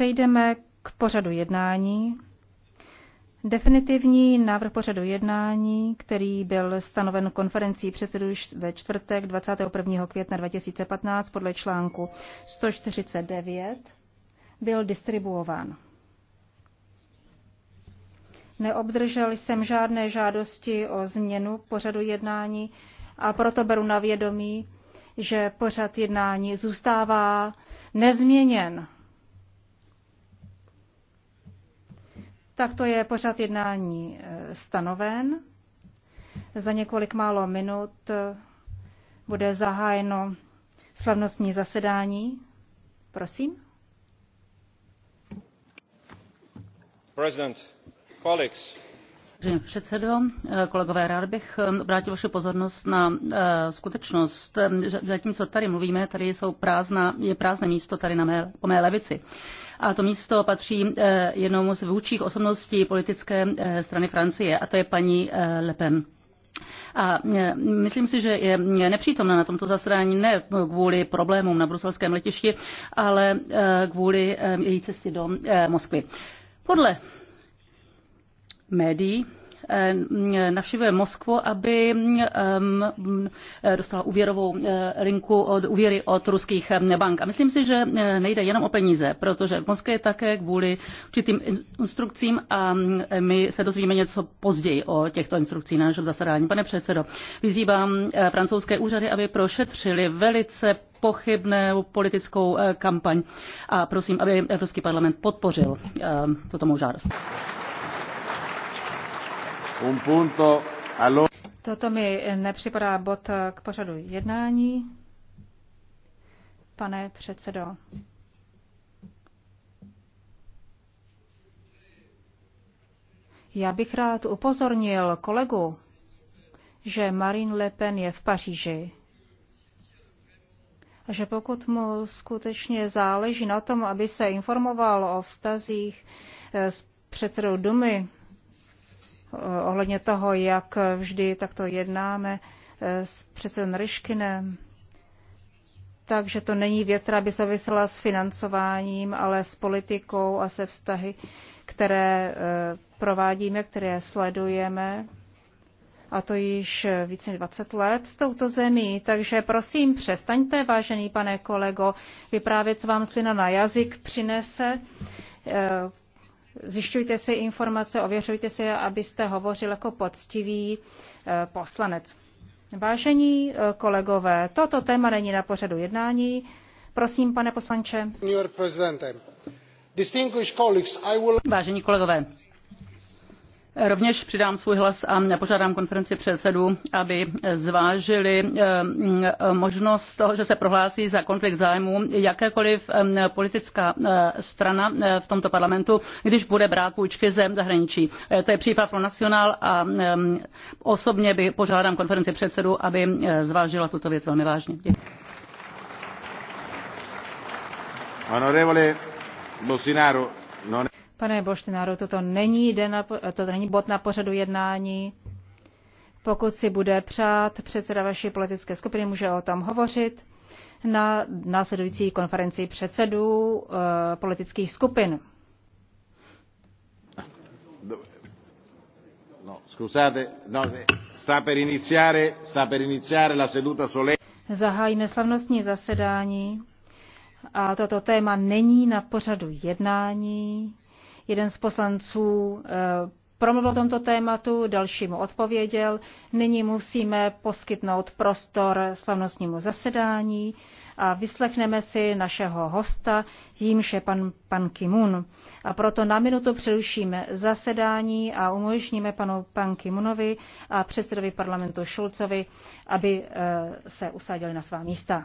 Přejdeme k pořadu jednání. Definitivní návrh pořadu jednání, který byl stanoven konferencí předsedů ve čtvrtek 21. května 2015 podle článku 149, byl distribuován. Neobdržel jsem žádné žádosti o změnu pořadu jednání a proto beru na vědomí, že pořad jednání zůstává nezměněn. Takto je pořád jednání eh, stanoven. Za několik málo minut eh, bude zahájeno slavnostní zasedání. Prosím. President, colleagues, předsedo, eh, kolegové, rád bych obrátil vaši pozornost na skutečnost, že zatímco tady mluvíme, tady jsou prázdna, je prázdné místo tady na mé, po mé levici a to místo patří eh, jednomu z vůdčích osobností politické eh, strany Francie a to je paní eh, Le Pen. A myslím si, že je nepřítomna na tomto zasedání ne kvůli problémům na bruselském letišti, ale kvůli její cestě do Moskvy. Podle médií Eh, navštěvuje Moskvu, aby eh, dostala úvěrovou eh, linku od úvěry od ruských bank. A myslím si, že nejde jenom o peníze, protože v Moskvě je také kvůli určitým instrukcím a my se dozvíme něco později o těchto instrukcích na našem zasedání. Pane předsedo, vyzývám francouzské úřady, aby prošetřili velice pochybnou politickou kampaň a prosím, aby Evropský parlament podpořil tuto mou žádost. Toto mi nepřipadá bod k pořadu jednání. Pane předsedo. Já bych rád upozornil kolegu, že Marine Le Pen je v Paříži. A že pokud mu skutečně záleží na tom, aby se informoval o vztazích eh, s předsedou Dumy, Eh, ohledně toho, jak vždy takto jednáme eh, s předsedem Ryškinem. Takže to není věc, která by souvisela s financováním, ale s politikou a se vztahy, které eh, provádíme, které sledujeme. A to již více než 20 let s touto zemí. Takže prosím, přestaňte, vážený pane kolego, vyprávět, co vám slina na jazyk přinese Zjišťujte si informace, ověřujte si, abyste hovořil jako poctivý eh, poslanec. Vážení eh, kolegové, toto téma není na pořadu jednání. Prosím, pane poslanče. Vážení kolegové, Rovněž přidám svůj hlas a požádám konferenci předsedů, aby zvážili eh, mm, možnost toho, že se prohlásí za konflikt zájmu jakékoliv eh, politická eh, strana v tomto parlamentu, když bude brát půjčky ze zahraničí. To je případ pro Nacionál a mm, osobně by požádám konferenci předsedů, aby zvážila tuto věc velmi vážně. Děkuji. Pane Boštináru, toto není, den na, toto není bod na pořadu jednání. Pokud si bude přát předseda vaší politické skupiny, může o tom hovořit na následující konferenci předsedů uh, politických skupin. No, scusate, no, sta per iniziare, sta per iniziare la seduta sole... Zahájíme slavnostní zasedání a toto téma není na pořadu jednání. Jeden z poslanců eh, promluvil o tomto tématu, další mu odpověděl. Nyní musíme poskytnout prostor slavnostnímu zasedání a vyslechneme si našeho hosta, jímž je pan, pan Kimun. A proto na minutu přerušíme zasedání a umožníme panu pan Kimunovi a předsedovi parlamentu Šulcovi, aby eh, se usadili na svá místa.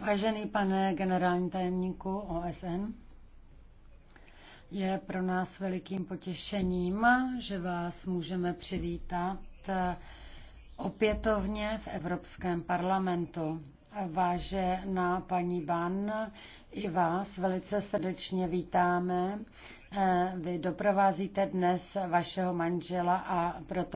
Vážený pane generální tajemníku OSN, je pro nás velikým potěšením, že vás můžeme přivítat eh, opětovně v Evropském parlamentu. Vážená paní Ban, i vás velice srdečně vítáme. Eh, vy doprovázíte dnes vašeho manžela a proto